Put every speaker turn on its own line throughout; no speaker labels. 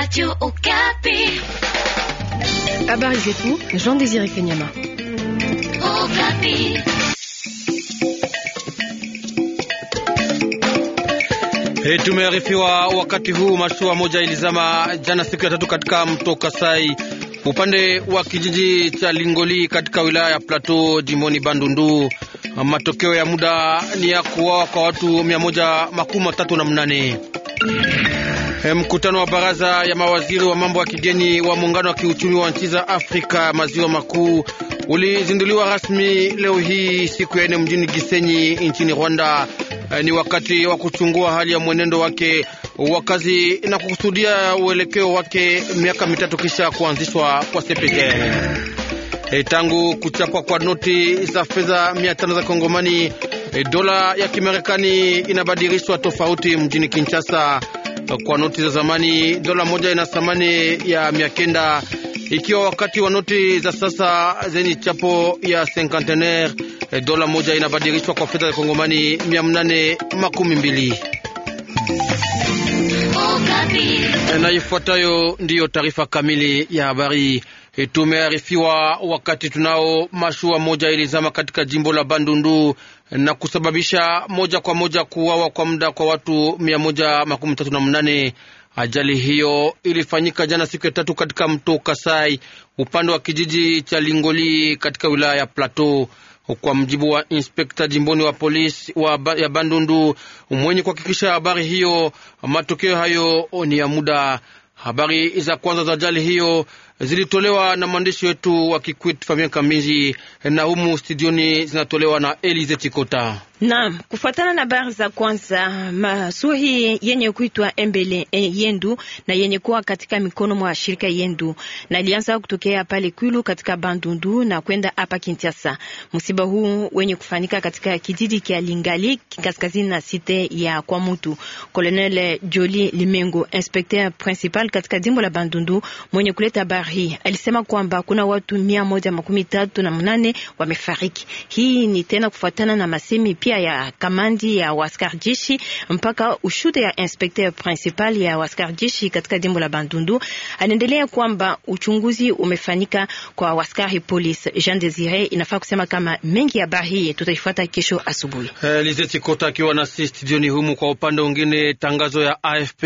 Radio Okapi. Habari zetu Jean Désiré Kenyama. Okapi.
Hey, tumearifiwa wakati huu mashua moja ilizama jana siku ya tatu katika mto Kasai upande wa kijiji cha Lingoli katika wilaya ya Plateau jimboni Bandundu. Matokeo ya muda ni ya kuwawa kwa watu mia moja makumi matatu na mnane. Eh, mkutano wa baraza ya mawaziri wa mambo ya kigeni wa muungano wa kiuchumi wa nchi za Afrika maziwa makuu ulizinduliwa rasmi leo hii siku ya nne mjini Gisenyi nchini Rwanda. Eh, ni wakati wa kuchungua hali ya mwenendo wake wakazi na kukusudia uelekeo wake miaka mitatu kisha kuanzishwa kwa SEPEGEL. E, eh, tangu kuchapwa kwa noti za fedha mia tano za Kongomani, e, dola ya Kimarekani inabadilishwa tofauti mjini Kinshasa. Kwa noti za zamani dola moja ina thamani ya mia kenda ikiwa wakati wa noti za sasa zenye chapo ya cinquantenaire dola moja inabadilishwa kwa fedha za kongomani mia mnane makumi mbili. Na ifuatayo ndiyo taarifa kamili ya habari. Tumearifiwa wakati tunao mashua moja ilizama katika jimbo la Bandundu na kusababisha moja kwa moja kuwawa kwa muda kwa watu mia moja makumi tatu na mnane. Ajali hiyo ilifanyika jana siku ya tatu katika mto Kasai upande wa kijiji cha Lingoli katika wilaya ya Plateau, kwa mjibu wa inspekta jimboni wa polisi ya Bandundu mwenye kuhakikisha habari hiyo. Matokeo hayo ni ya muda. Habari za kwanza za ajali hiyo zilitolewa na mwandishi wetu wa Kikwit Famien Kambinji, na humu studioni zinatolewa na Elize Chikota
na kufuatana na bari za kwanza, masuhi yenye kuitwa Embele e, Yendu na yenye kuwa katika mikono mwa shirika Yendu na ilianza kutokea pale Kwilu katika Bandundu na kwenda hapa Kinshasa. Msiba huu wenye kufanyika katika kijiji cha Lingali kaskazini na site ya kwa mtu. Colonel Joli Limengo, inspecteur principal katika jimbo la Bandundu, mwenye kuleta bari hii alisema kwamba kuna watu 138 wamefariki. Hii ni tena kufuatana na masemi pia pia ya kamandi ya waskar jeshi mpaka ushuda ya inspekteur principal ya waskar jeshi katika jimbo la Bandundu. Anaendelea kwamba uchunguzi umefanyika kwa waskari polis Jean Desire inafaa kusema kama mengi ya bahii tutaifuata kesho asubuhi.
Eh, Lizeti Kota akiwa nasi studioni humu. Kwa upande mwingine, tangazo ya AFP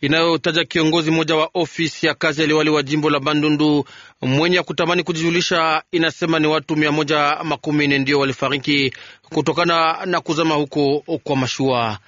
inayotaja kiongozi mmoja wa ofisi ya kazi ya liwali wa jimbo la Bandundu mwenye ya kutamani kujijulisha. Inasema ni watu mia moja makumi nne ndio walifariki kutokana na kuzama huko kwa mashua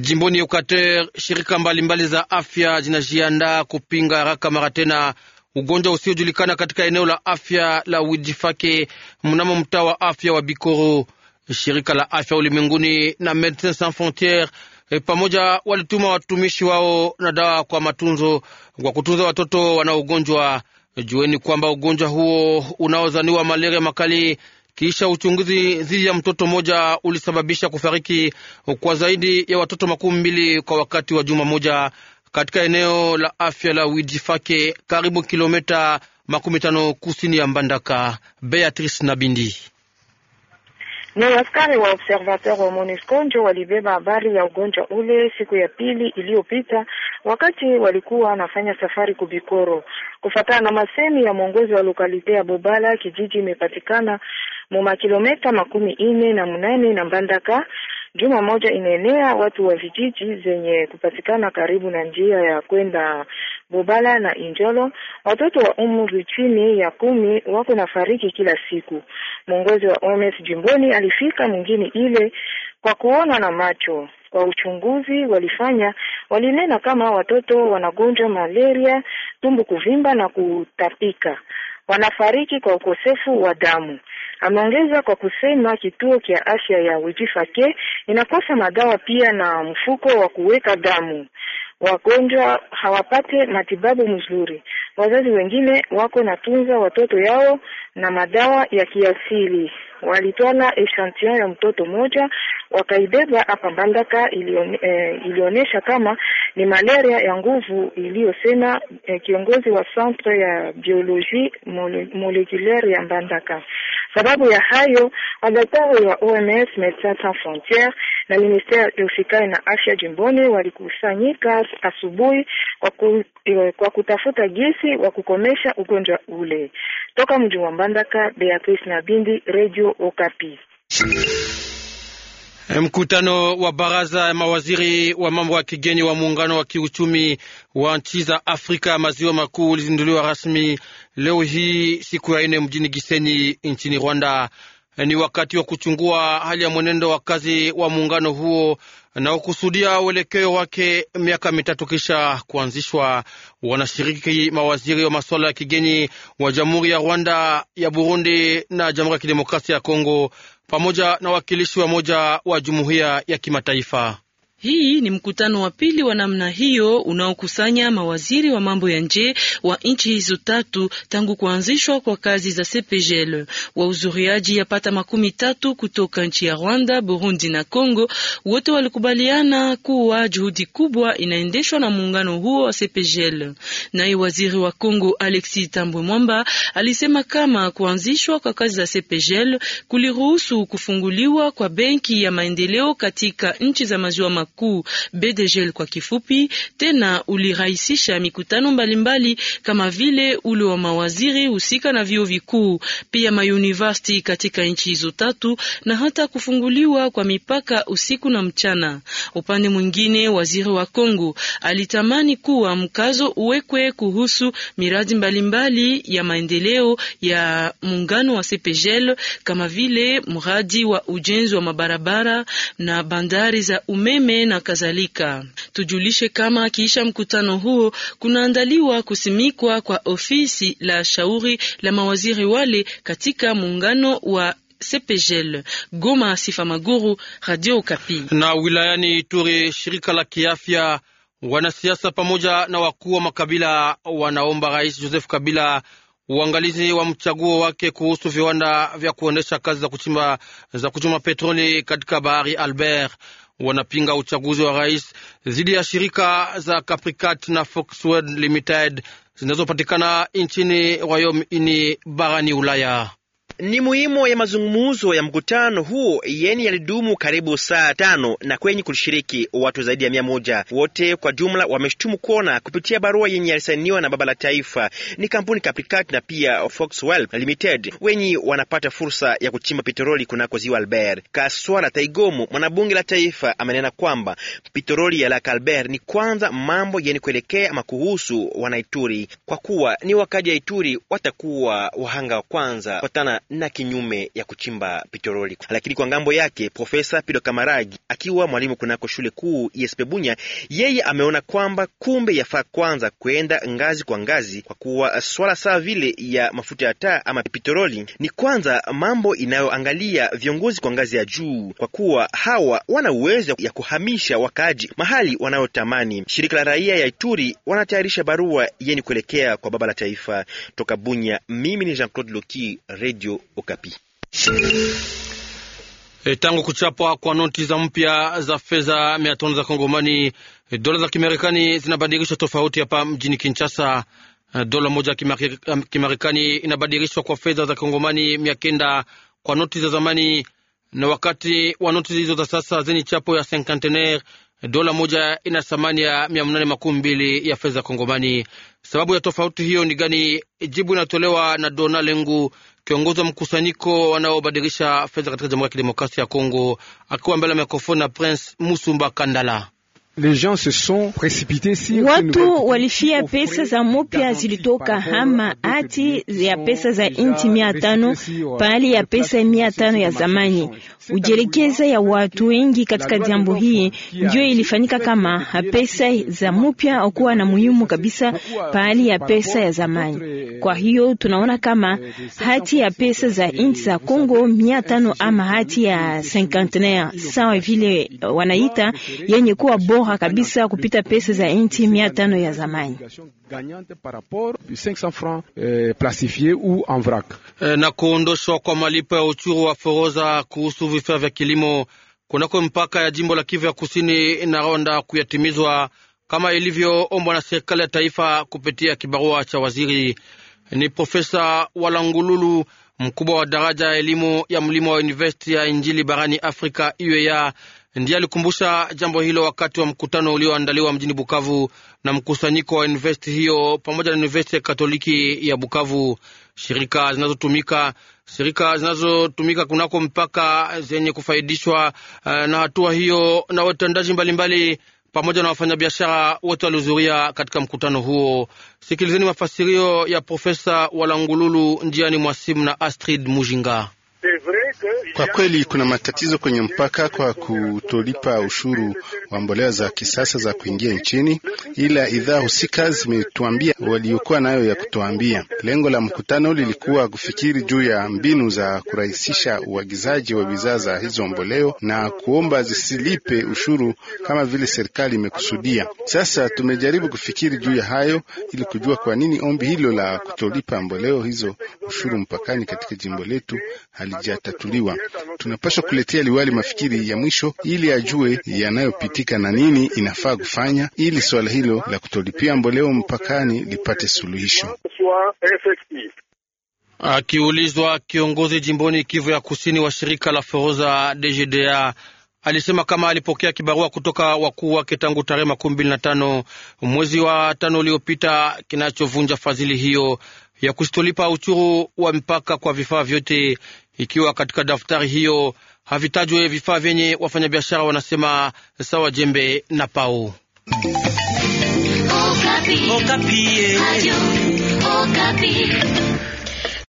jimboni Ekuateur. Shirika mbalimbali mbali za afya zinajiandaa kupinga haraka mara tena ugonjwa usiojulikana katika eneo la afya la Wijifake mnamo mtaa wa afya wa Bikoro. Shirika la afya ulimwenguni na Medecins Sans Frontieres E, pamoja walituma watumishi wao na dawa kwa matunzo kwa kutunza watoto wana ugonjwa. E, jueni kwamba ugonjwa huo unaozaniwa malaria makali kisha uchunguzi dhidi ya mtoto mmoja ulisababisha kufariki kwa zaidi ya watoto makumi mbili kwa wakati wa juma moja katika eneo la afya la Wijifake, karibu kilomita makumi tano kusini ya Mbandaka. Beatrice Nabindi
na askari wa observateur wa MONUSCO ndio walibeba habari ya ugonjwa ule siku ya pili iliyopita, wakati walikuwa wanafanya safari kubikoro. Kufatana na masemi ya mwongozi wa lokalite ya Bobala, kijiji imepatikana muma kilometa makumi ine na mnane na Mbandaka. Juma moja inaenea watu wa vijiji zenye kupatikana karibu na njia ya kwenda Bobala na Injolo, watoto wa umri chini ya kumi wako nafariki kila siku. Mwongozi wa OMS jimboni alifika mwingine ile kwa kuona na macho. Kwa uchunguzi walifanya, walinena kama watoto wanagonjwa malaria, tumbo kuvimba na kutapika, wanafariki kwa ukosefu wa damu. Ameongeza kwa kusema kituo kia afya ya Wejifake inakosa madawa pia na mfuko wa kuweka damu wagonjwa hawapate matibabu mzuri. Wazazi wengine wako natunza watoto yao na madawa ya kiasili. Walitwala eshantion ya mtoto mmoja wakaibeba hapa Mbandaka, ilione, eh, ilionyesha kama ni malaria ya nguvu iliyosema eh, kiongozi wa centre ya biologie molekulaire ya Mbandaka. Sababu ya hayo, madaktari wa OMS Medecins Sans Frontieres na ministeri yahusikani na afya jimboni walikusanyika asubuhi kwa, ku, eh, kwa kutafuta gesi wa kukomesha ugonjwa ule. Toka mji wa Mbandaka, Beatrice Nabindi, Radio Okapi.
Mkutano wa baraza ya mawaziri wa mambo ya kigeni wa muungano wa kiuchumi wa nchi za Afrika maziwa makuu ulizinduliwa rasmi leo hii siku ya ine mjini Gisenyi nchini Rwanda. Ni wakati wa kuchungua hali ya mwenendo wa kazi wa muungano huo na ukusudia uelekeo wake miaka mitatu kisha kuanzishwa. Wanashiriki mawaziri wa masuala ya kigeni wa Jamhuri ya Rwanda, ya Burundi na Jamhuri ya Kidemokrasia ya Kongo pamoja na wawakilishi wa moja wa jumuiya ya kimataifa.
Hii ni mkutano wa pili wa namna hiyo unaokusanya mawaziri wa mambo ya nje wa nchi hizo tatu tangu kuanzishwa kwa kazi za CPGL. ya yapata makumi tatu kutoka nchi ya Rwanda, Burundi na Congo, wote walikubaliana kuwa juhudi kubwa inaendeshwa na muungano huo wa CPGL. Naye waziri wa Congo Alexis Tambwe Mwamba alisema kama kuanzishwa kwa kazi za CPGL kuliruhusu kufunguliwa kwa benki ya maendeleo katika nchi za maziwa kuu BDGL kwa kifupi, tena ulirahisisha mikutano mbalimbali mbali, kama vile ule wa mawaziri husika na vyuo vikuu, pia mayuniversity katika nchi hizo tatu na hata kufunguliwa kwa mipaka usiku na mchana. Upande mwingine, waziri wa Kongo alitamani kuwa mkazo uwekwe kuhusu miradi mbalimbali mbali ya maendeleo ya muungano wa CPGL kama vile mradi wa ujenzi wa mabarabara na bandari za umeme na kadhalika. Tujulishe kama kiisha mkutano huo kunaandaliwa kusimikwa kwa ofisi la shauri la mawaziri wale katika muungano wa CPGL. Goma, Sifa Maguru, Radio Okapi.
Na wilayani Ituri, shirika la kiafya, wanasiasa pamoja na wakuu wa makabila wanaomba Rais Joseph Kabila uangalizi wa mchaguo wake kuhusu viwanda vya kuendesha kazi za kuchimba, za petroli katika bahari Albert wanapinga uchaguzi wa rais dhidi ya shirika za Capricat na Volkswagen Limited zinazopatikana nchini Wayomini barani Ulaya.
Ni muhimu ya mazungumzo ya mkutano huo yeni yalidumu karibu saa tano na kwenye kulishiriki watu zaidi ya mia moja. Wote kwa jumla wameshutumu kuona kupitia barua yenye yalisainiwa na baba la taifa ni kampuni Capricat na pia Foxwell Limited wenye wanapata fursa ya kuchimba petroli kunako ziwa Albert. Kaswala Taigomu, mwanabunge la taifa, amenena kwamba petroli ya lake Albert ni kwanza mambo yeni kuelekea makuhusu Wanaituri, kwa kuwa ni wakaji ya Ituri watakuwa wahanga wa kwanza tana na kinyume ya kuchimba petroli. Lakini kwa ngambo yake, Profesa Pido Kamaragi akiwa mwalimu kunako shule kuu ISP Bunya, yeye ameona kwamba kumbe yafaa kwanza kwenda ngazi kwa ngazi, kwa kuwa swala saa vile ya mafuta ya taa ama petroli ni kwanza mambo inayoangalia viongozi kwa ngazi ya juu, kwa kuwa hawa wana uwezo ya kuhamisha wakaaji mahali wanayotamani. Shirika la raia ya Ituri wanatayarisha barua yeni kuelekea kwa baba la taifa. Toka Bunya, mimi ni Jean Claude Loki, Radio Okapi.
E, tangu kuchapwa kwa noti za mpya za fedha mia tano za Kongomani, eh, dola za Kimarekani zinabadilishwa tofauti hapa mjini Kinshasa. Eh, dola moja ya Kimarekani inabadilishwa kwa fedha za Kongomani mia kenda kwa noti za zamani, na wakati wa noti hizo za sasa zenye chapo ya cinquantenaire dola moja ina thamani ya mia mnane makumi mbili ya fedha Kongomani. Sababu ya tofauti hiyo ni gani? Jibu inatolewa na Dona Lengu, kiongozi wa mkusanyiko wanaobadilisha fedha katika Jamhuri ya Kidemokrasia ya Kongo, akiwa mbele ya mikrofoni na Prince Musumba Kandala
les gens se sont précipités Si watu walifia pesa za mupya zilitoka hama hati ya pesa za inti mia tano pahali ya pesa mia tano ya zamani. Ujelekeza ya watu wengi katika jambo hii ndio ilifanyika kama pesa za mupya akuwa na muhimu kabisa pahali ya pesa ya zamani. Kwa hiyo tunaona kama hati ya pesa za inti za Kongo mia tano ama hati ya cinquantenaire sawa vile wanaita yenye kuwa bora bora kabisa kupita pesa za inchi mia tano ya zamani.
Eh, eh, na kuondoshwa kwa malipo ya uchuru wa foroza kuhusu vifaa vya kilimo kunako mpaka ya jimbo la Kivu ya kusini na Rwanda kuyatimizwa kama ilivyoombwa na serikali ya taifa kupitia kibarua cha waziri. Ni Profesa Walangululu, mkubwa wa daraja ya elimu ya mlima wa universiti ya Injili barani Afrika, UEA, ndiye alikumbusha jambo hilo wakati wa mkutano ulioandaliwa mjini Bukavu na mkusanyiko wa Invest hiyo pamoja na University ya Katoliki ya Bukavu. Shirika zinazotumika shirika zinazotumika kunako mpaka zenye kufaidishwa eh, na hatua hiyo na watendaji mbalimbali pamoja na wafanyabiashara wote waliohudhuria katika mkutano huo. Sikilizeni mafasirio ya Profesa Walangululu njiani mwa simu na Astrid Mujinga.
Kwa kweli kuna matatizo kwenye mpaka kwa kutolipa ushuru wa mbolea za kisasa za kuingia nchini, ila idhaa husika zimetuambia waliokuwa nayo ya kutuambia. Lengo la mkutano lilikuwa kufikiri juu ya mbinu za kurahisisha uagizaji wa bidhaa za hizo mboleo na kuomba zisilipe ushuru kama vile serikali imekusudia. Sasa tumejaribu kufikiri juu ya hayo ili kujua kwa nini ombi hilo la kutolipa mboleo hizo ushuru mpakani katika jimbo letu halijatatuliwa hatua. Tunapaswa kuletea liwali mafikiri ya mwisho ili ajue yanayopitika na nini inafaa kufanya ili suala hilo la kutolipia mboleo mpakani lipate suluhisho.
Akiulizwa, kiongozi jimboni Kivu ya Kusini wa shirika la Foroza DGDA alisema kama alipokea kibarua kutoka wakuu wake tangu tarehe makumi mbili na tano mwezi wa tano uliopita kinachovunja fadhili hiyo ya kusitolipa uchuru wa mpaka kwa vifaa vyote ikiwa katika daftari hiyo havitajwe vifaa vyenye wafanyabiashara wanasema sawa jembe na pau.
Okapi. Okapi.